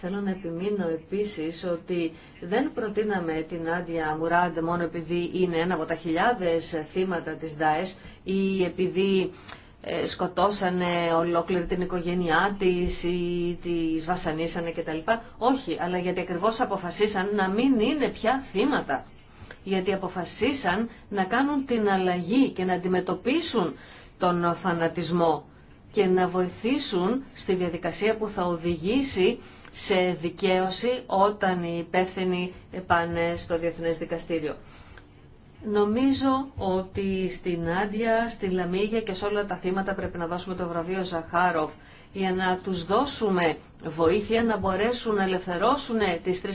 Θέλω να επιμείνω επίσης ότι δεν προτείναμε την Άντια Μουράντ μόνο επειδή είναι ένα από τα χιλιάδες θύματα της ΔΑΕΣ ή επειδή ε, σκοτώσανε ολόκληρη την οικογένειά της ή τις βασανίσανε κτλ. Όχι, αλλά γιατί ακριβώς αποφασίσαν να μην είναι πια θύματα. Γιατί αποφασίσαν να κάνουν την αλλαγή και να αντιμετωπίσουν τον φανατισμό και να βοηθήσουν στη διαδικασία που θα οδηγήσει σε δικαίωση όταν οι υπεύθυνοι πάνε στο Διεθνές Δικαστήριο. Νομίζω ότι στην Άντια, στη Λαμίγια και σε όλα τα θύματα πρέπει να δώσουμε το βραβείο Ζαχάροφ για να τους δώσουμε βοήθεια να μπορέσουν να ελευθερώσουν τις 3.000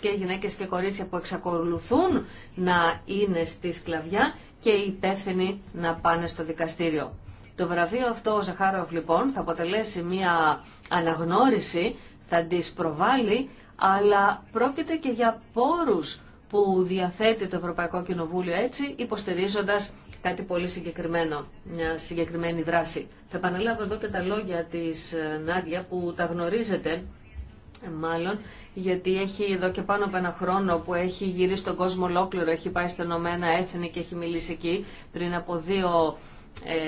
και γυναίκες και κορίτσια που εξακολουθούν να είναι στη σκλαβιά και οι υπεύθυνοι να πάνε στο δικαστήριο. Το βραβείο αυτό ο Ζαχάροφ λοιπόν θα αποτελέσει μια αναγνώριση θα τις προβάλλει, αλλά πρόκειται και για πόρους που διαθέτει το Ευρωπαϊκό Κοινοβούλιο έτσι, υποστηρίζοντας κάτι πολύ συγκεκριμένο, μια συγκεκριμένη δράση. Θα επαναλάβω εδώ και τα λόγια της ε, Νάντια που τα γνωρίζετε μάλλον, γιατί έχει εδώ και πάνω από ένα χρόνο που έχει γυρίσει τον κόσμο ολόκληρο, έχει πάει στα Ηνωμένα Έθνη και έχει μιλήσει εκεί πριν από δύο ε,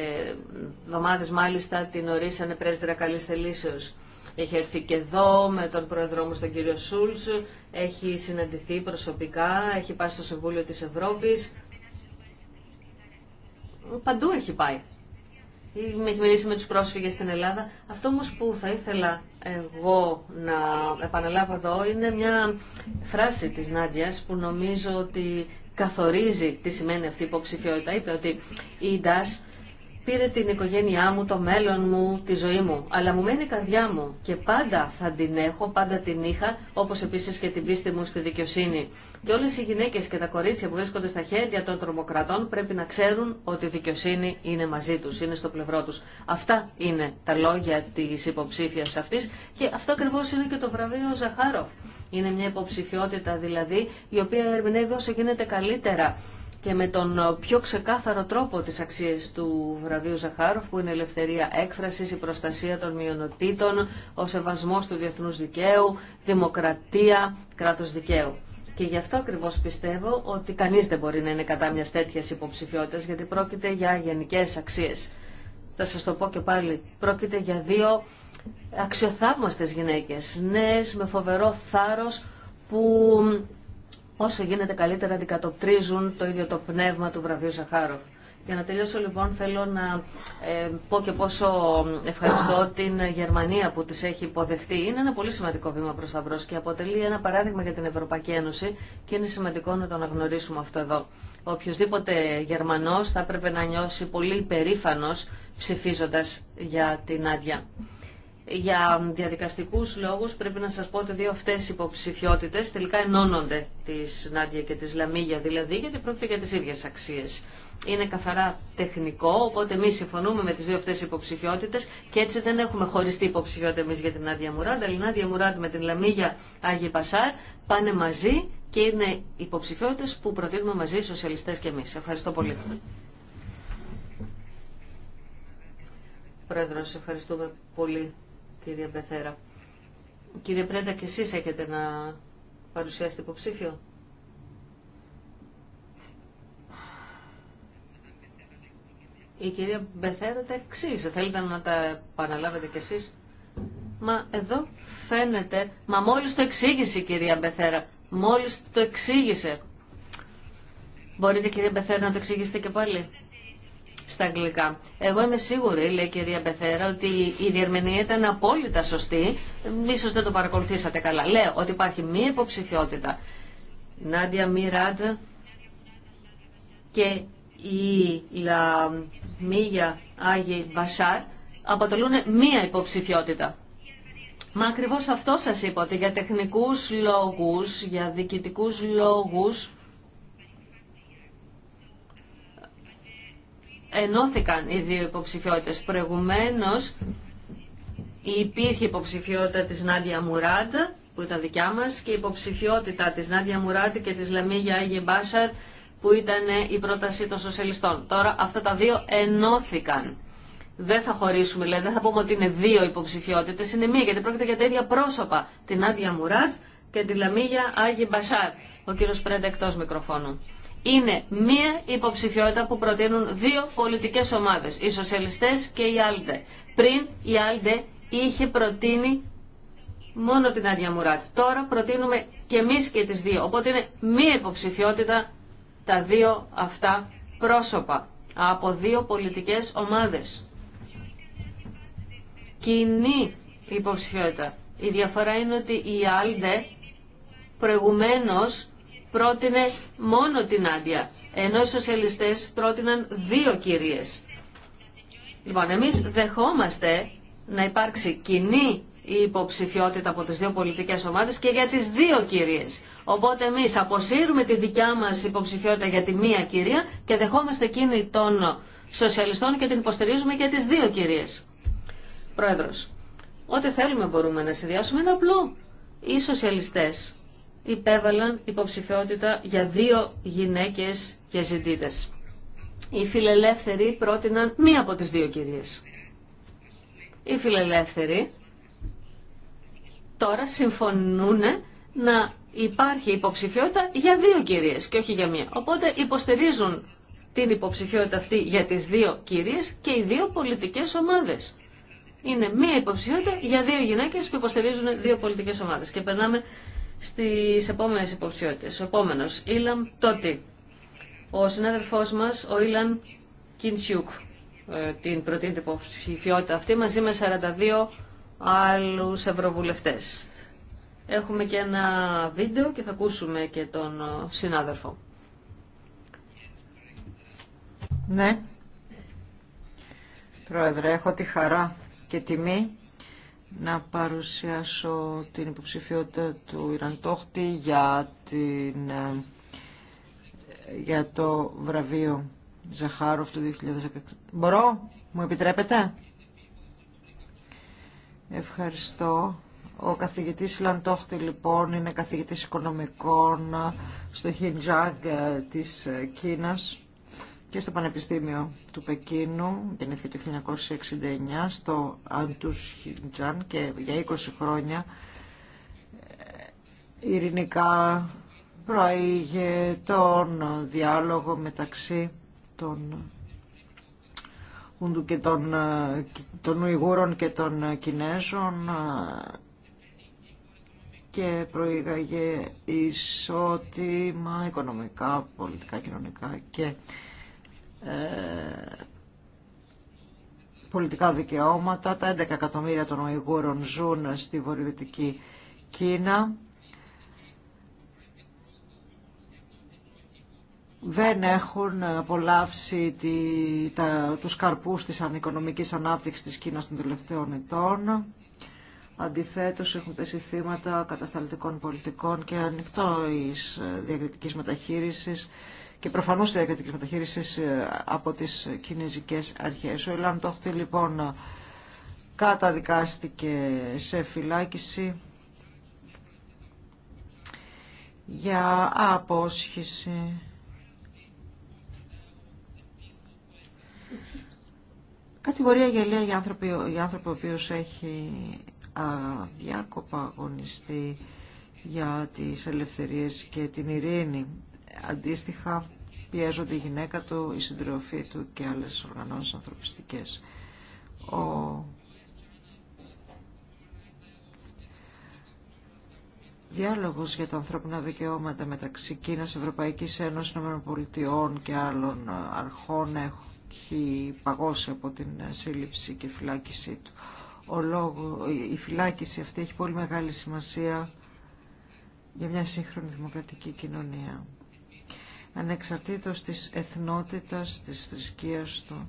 εβδομάδες μάλιστα την ορίσανε πρέσβυρα καλής θελήσεως. Έχει έρθει και εδώ με τον πρόεδρό μου τον κύριο Σούλτς, έχει συναντηθεί προσωπικά, έχει πάει στο Συμβούλιο της Ευρώπης. Παντού έχει πάει. Με έχει μιλήσει με τους πρόσφυγες στην Ελλάδα. Αυτό όμως που θα ήθελα εγώ να επαναλάβω εδώ είναι μια φράση της Νάντιας που νομίζω ότι καθορίζει τι σημαίνει αυτή η υποψηφιότητα. Είπε ότι η πήρε την οικογένειά μου, το μέλλον μου, τη ζωή μου. Αλλά μου μένει η καρδιά μου και πάντα θα την έχω, πάντα την είχα, όπω επίση και την πίστη μου στη δικαιοσύνη. Και όλε οι γυναίκε και τα κορίτσια που βρίσκονται στα χέρια των τρομοκρατών πρέπει να ξέρουν ότι η δικαιοσύνη είναι μαζί του, είναι στο πλευρό του. Αυτά είναι τα λόγια τη υποψήφια αυτή και αυτό ακριβώ είναι και το βραβείο Ζαχάροφ. Είναι μια υποψηφιότητα δηλαδή η οποία ερμηνεύει όσο γίνεται καλύτερα και με τον πιο ξεκάθαρο τρόπο τις αξίες του βραβείου Ζαχάροφ που είναι η ελευθερία έκφρασης, η προστασία των μειονοτήτων, ο σεβασμός του διεθνούς δικαίου, δημοκρατία, κράτος δικαίου. Και γι' αυτό ακριβώς πιστεύω ότι κανείς δεν μπορεί να είναι κατά μια τέτοια υποψηφιότητα γιατί πρόκειται για γενικές αξίες. Θα σας το πω και πάλι, πρόκειται για δύο αξιοθαύμαστες γυναίκες, νέες με φοβερό θάρρος που όσο γίνεται καλύτερα αντικατοπτρίζουν το ίδιο το πνεύμα του βραβείου Σαχάροφ. Για να τελειώσω λοιπόν θέλω να ε, πω και πόσο ευχαριστώ την Γερμανία που τις έχει υποδεχτεί. Είναι ένα πολύ σημαντικό βήμα προς τα μπρος και αποτελεί ένα παράδειγμα για την Ευρωπαϊκή Ένωση και είναι σημαντικό να το αναγνωρίσουμε αυτό εδώ. Οποιοδήποτε Γερμανός θα έπρεπε να νιώσει πολύ υπερήφανος ψηφίζοντας για την άδεια. Για διαδικαστικούς λόγους πρέπει να σας πω ότι δύο αυτές οι υποψηφιότητες τελικά ενώνονται της Νάντια και της Λαμίγια δηλαδή γιατί πρόκειται για τις ίδιες αξίες. Είναι καθαρά τεχνικό, οπότε εμεί συμφωνούμε με τι δύο αυτέ υποψηφιότητε και έτσι δεν έχουμε χωριστή υποψηφιότητα εμεί για την Νάντια Μουράντα, Αλλά η Νάντια Μουράντα με την Λαμίγια Άγιε Πασάρ πάνε μαζί και είναι υποψηφιότητε που προτείνουμε μαζί οι σοσιαλιστέ και εμεί. Ευχαριστώ πολύ. ευχαριστούμε πολύ κύριε Μπεθέρα. Κύριε Πρέντα, και εσείς έχετε να παρουσιάσετε υποψήφιο. Η κυρία Μπεθέρα τα εξήγησε. Θέλετε να τα επαναλάβετε κι εσείς. Μα εδώ φαίνεται, μα μόλις το εξήγησε η κυρία Μπεθέρα. Μόλις το εξήγησε. Μπορείτε κυρία Μπεθέρα να το εξηγήσετε και πάλι στα αγγλικά. Εγώ είμαι σίγουρη, λέει η κυρία Μπεθέρα, ότι η διερμηνία ήταν απόλυτα σωστή. Ίσως δεν το παρακολουθήσατε καλά. Λέω ότι υπάρχει μία υποψηφιότητα. Νάντια Μιράντ και η Λαμίγια Άγιε Μπασάρ αποτελούν μία υποψηφιότητα. Μα ακριβώς αυτό σας είπα, ότι για τεχνικούς λόγους, για διοικητικούς λόγους, ενώθηκαν οι δύο υποψηφιότητες. Προηγουμένως υπήρχε υποψηφιότητα της Νάντια Μουράτ που ήταν δικιά μας και η υποψηφιότητα της Νάντια Μουράτ και της Λαμίγια Άγιε Μπάσαρ που ήταν η πρόταση των σοσιαλιστών. Τώρα αυτά τα δύο ενώθηκαν. Δεν θα χωρίσουμε, δηλαδή δεν θα πούμε ότι είναι δύο υποψηφιότητε, είναι μία γιατί πρόκειται για τα ίδια πρόσωπα. Την Άντια Μουράτ και τη Λαμίγια Άγιε Μπασάρ. Ο κύριο Πρέντα εκτό μικροφώνου είναι μία υποψηφιότητα που προτείνουν δύο πολιτικές ομάδες, οι σοσιαλιστές και η Άλντε. Πριν η Άλντε είχε προτείνει μόνο την Άντια Μουράτ. Τώρα προτείνουμε και εμείς και τις δύο. Οπότε είναι μία υποψηφιότητα τα δύο αυτά πρόσωπα από δύο πολιτικές ομάδες. Κοινή υποψηφιότητα. Η διαφορά είναι ότι η Άλντε προηγουμένως πρότεινε μόνο την Άντια, ενώ οι σοσιαλιστές πρότειναν δύο κυρίες. Λοιπόν, εμείς δεχόμαστε να υπάρξει κοινή υποψηφιότητα από τις δύο πολιτικές ομάδες και για τις δύο κυρίες. Οπότε εμείς αποσύρουμε τη δικιά μας υποψηφιότητα για τη μία κυρία και δεχόμαστε εκείνη των σοσιαλιστών και την υποστηρίζουμε για τις δύο κυρίες. Πρόεδρος, ό,τι θέλουμε μπορούμε να συνδυάσουμε είναι απλό. Οι σοσιαλιστές υπέβαλαν υποψηφιότητα για δύο γυναίκες και ζητήτες. Οι φιλελεύθεροι πρότειναν μία από τις δύο κυρίες. Οι φιλελεύθεροι τώρα συμφωνούν να υπάρχει υποψηφιότητα για δύο κυρίες και όχι για μία. Οπότε υποστηρίζουν την υποψηφιότητα αυτή για τις δύο κυρίες και οι δύο πολιτικές ομάδες. Είναι μία υποψηφιότητα για δύο γυναίκες που υποστηρίζουν δύο πολιτικές ομάδες. Και περνάμε στις επόμενες υποψιότητες. Ο επόμενος, Ήλαν Τότι. Ο συνάδελφός μας, ο Ήλαν Κιντσιούκ, ε, την προτείνεται υποψηφιότητα αυτή, μαζί με 42 άλλους ευρωβουλευτές. Έχουμε και ένα βίντεο και θα ακούσουμε και τον ε, συνάδελφο. Ναι. Πρόεδρε, έχω τη χαρά και τιμή να παρουσιάσω την υποψηφιότητα του Ιραντόχτη για, την, ε, για το βραβείο Ζαχάροφ του 2016. Μπορώ, μου επιτρέπετε. Ευχαριστώ. Ο καθηγητής Λαντόχτη λοιπόν είναι καθηγητής οικονομικών στο Χιντζάγκ ε, της ε, Κίνας και στο Πανεπιστήμιο του Πεκίνου, γεννήθηκε το 1969, στο Χιντζάν και για 20 χρόνια ε, ειρηνικά προήγε τον διάλογο μεταξύ των Ούντου και των, ε, των Ουιγούρων και των Κινέζων ε, και προήγαγε ισότιμα οικονομικά, πολιτικά, κοινωνικά και ε, πολιτικά δικαιώματα. Τα 11 εκατομμύρια των Οιγούρων ζουν στη βορειοδυτική Κίνα. δεν έχουν απολαύσει τη, τα, τους καρπούς της ανοικονομικής ανάπτυξης της Κίνας των τελευταίων ετών. Αντιθέτω, έχουν πέσει θύματα κατασταλτικών πολιτικών και ανοιχτό τη ε, διακριτική μεταχείρισης και προφανώς διακριτική μεταχείριση ε, από τις κινεζικέ αρχές. Ο Ιλάν Τόχτη λοιπόν καταδικάστηκε σε φυλάκιση για απόσχηση. Κατηγορία γελία για, για άνθρωπο ο οποίος έχει αδιάκοπα αγωνιστεί για τις ελευθερίες και την ειρήνη. Αντίστοιχα πιέζονται η γυναίκα του, η συντροφή του και άλλες οργανώσεις ανθρωπιστικές. Ο διάλογος για τα ανθρώπινα δικαιώματα μεταξύ Κίνας, Ευρωπαϊκής Ένωσης, Πολιτειών και άλλων αρχών έχει παγώσει από την σύλληψη και φυλάκισή του ο λόγο, η φυλάκιση αυτή έχει πολύ μεγάλη σημασία για μια σύγχρονη δημοκρατική κοινωνία. Ανεξαρτήτως της εθνότητας, της θρησκείας του,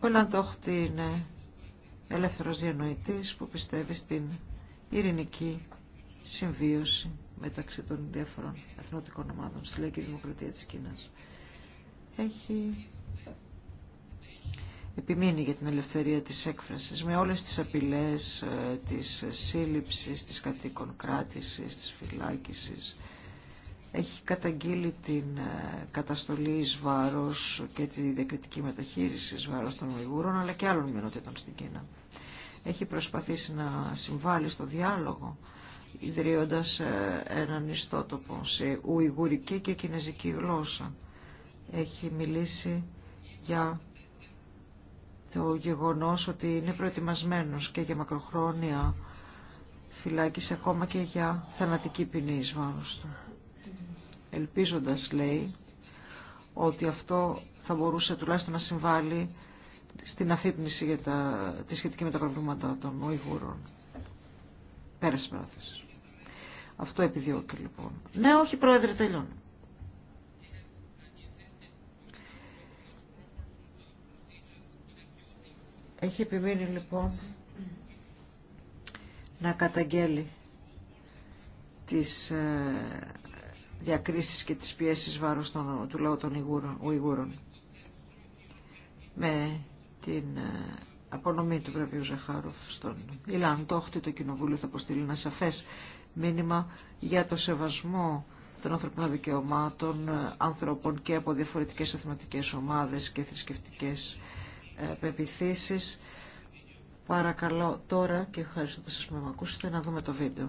ο Λαντόχτη είναι ελεύθερος διανοητής που πιστεύει στην ειρηνική συμβίωση μεταξύ των διάφορων εθνοτικών ομάδων στη Λαϊκή Δημοκρατία της Κίνας. Έχει επιμείνει για την ελευθερία της έκφρασης με όλες τις απειλές ε, της σύλληψης, της κατοίκων κράτησης, της φυλάκισης. Έχει καταγγείλει την ε, καταστολή εις βάρος και τη διακριτική μεταχείριση εις βάρος των Ουιγούρων αλλά και άλλων μειονότητων στην Κίνα. Έχει προσπαθήσει να συμβάλλει στο διάλογο ιδρύοντας ε, έναν ιστότοπο σε ουιγουρική και κινέζικη γλώσσα. Έχει μιλήσει για το γεγονός ότι είναι προετοιμασμένος και για μακροχρόνια φυλάκιση ακόμα και για θανατική ποινή εις του. Ελπίζοντας, λέει, ότι αυτό θα μπορούσε τουλάχιστον να συμβάλλει στην αφύπνιση για τα, τη σχετική με τα προβλήματα των Ουιγούρων. Πέρασε παράθεση. Αυτό επιδιώκει λοιπόν. Ναι, όχι πρόεδρε, τελειώνω. Έχει επιμείνει λοιπόν να καταγγέλει τις ε, διακρίσεις και τις πιέσεις βάρος του λαού των Ιγούρων με την ε, απονομή του βραβείου Ζαχάροφ στον Ιλάν Τόχτη το Κοινοβούλιο θα αποστείλει ένα σαφές μήνυμα για το σεβασμό των ανθρωπινών δικαιωμάτων ε, ανθρώπων και από διαφορετικές εθνοτικές ομάδες και θρησκευτικές πεπιθήσεις. Παρακαλώ τώρα και ευχαριστώ που σας με ακούσετε να δούμε το βίντεο.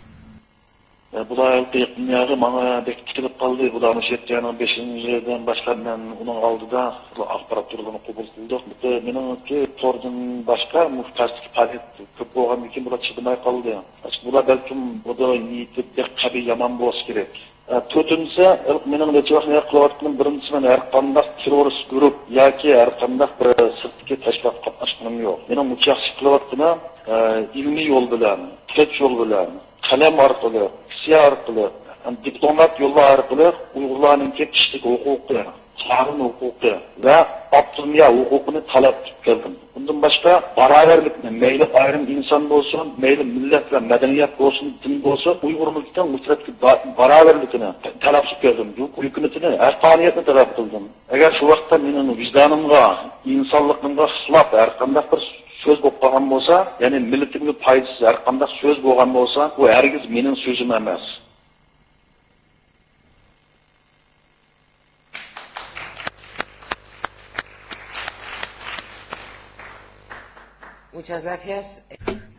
bu Buların yakınları bana bek kilip kaldı. Buların şetyanın 5. yerden başka ben onu aldı da akbarat durduğunu kubur kıldık. Bu da benim ki tordun başka muhtaçlık paket köp boğan için burada çıkmaya kaldı. bu da belki bu da yitip bek kabi yaman boğaz gerek. Tötünse to'rtinchisi mening vechvaqni qilayotganim birinchisi men har qanday terörist grup ya ki qanday bir sirtga tashlab qatnashganim yo'q mening yaxshi qilayotganim ilmi yo'l bilen, kuch yo'l bilen, kalem orqali kishi orqali diplomat yolu yo'li orqali uyg'urlarninki kishilik hukuku qonun huquqi va avtonomiya huquqini talab qilib keldim bundan boshqa barobarlikni Meyli ayrım inson olsun, meyli millat va madaniyat olsun, din bo'lsin uyg'urlikdan musratga barobarlikni talab qilib keldim geldim. Hükümetini, talab talep agar Eğer şu meni benim vicdanımda, insanlıkımda sılap, qanday bir сөз пайдасыз сөз болған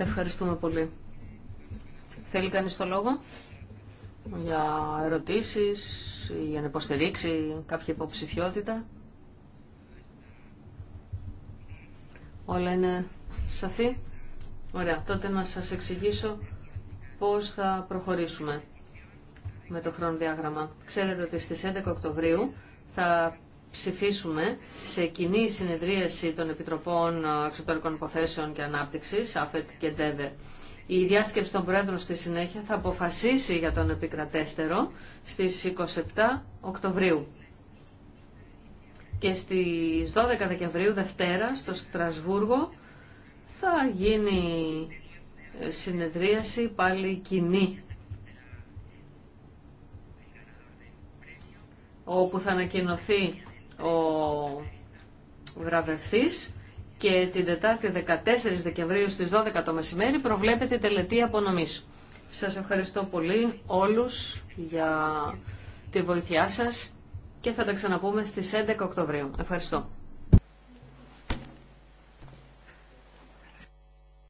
Ευχαριστούμε πολύ. Θέλει κανείς το λόγο για ερωτήσεις, για να υποστηρίξει κάποια υποψηφιότητα. Όλα είναι σαφή. Ωραία, τότε να σας εξηγήσω πώς θα προχωρήσουμε με το χρονοδιάγραμμα. Ξέρετε ότι στις 11 Οκτωβρίου θα ψηφίσουμε σε κοινή συνεδρίαση των Επιτροπών ε, Εξωτερικών Υποθέσεων και Ανάπτυξης, ΑΦΕΤ και ΔΕΔΕ. Η διάσκεψη των Πρόεδρων στη συνέχεια θα αποφασίσει για τον επικρατέστερο στις 27 Οκτωβρίου και στις 12 Δεκεμβρίου, Δευτέρα, στο Στρασβούργο, θα γίνει συνεδρίαση πάλι κοινή όπου θα ανακοινωθεί ο βραβευτής και την Τετάρτη 14 Δεκεμβρίου στις 12 το μεσημέρι προβλέπεται η τελετή απονομής. Σας ευχαριστώ πολύ όλους για τη βοήθειά σας και θα τα ξαναπούμε στις 11 Οκτωβρίου. Ευχαριστώ.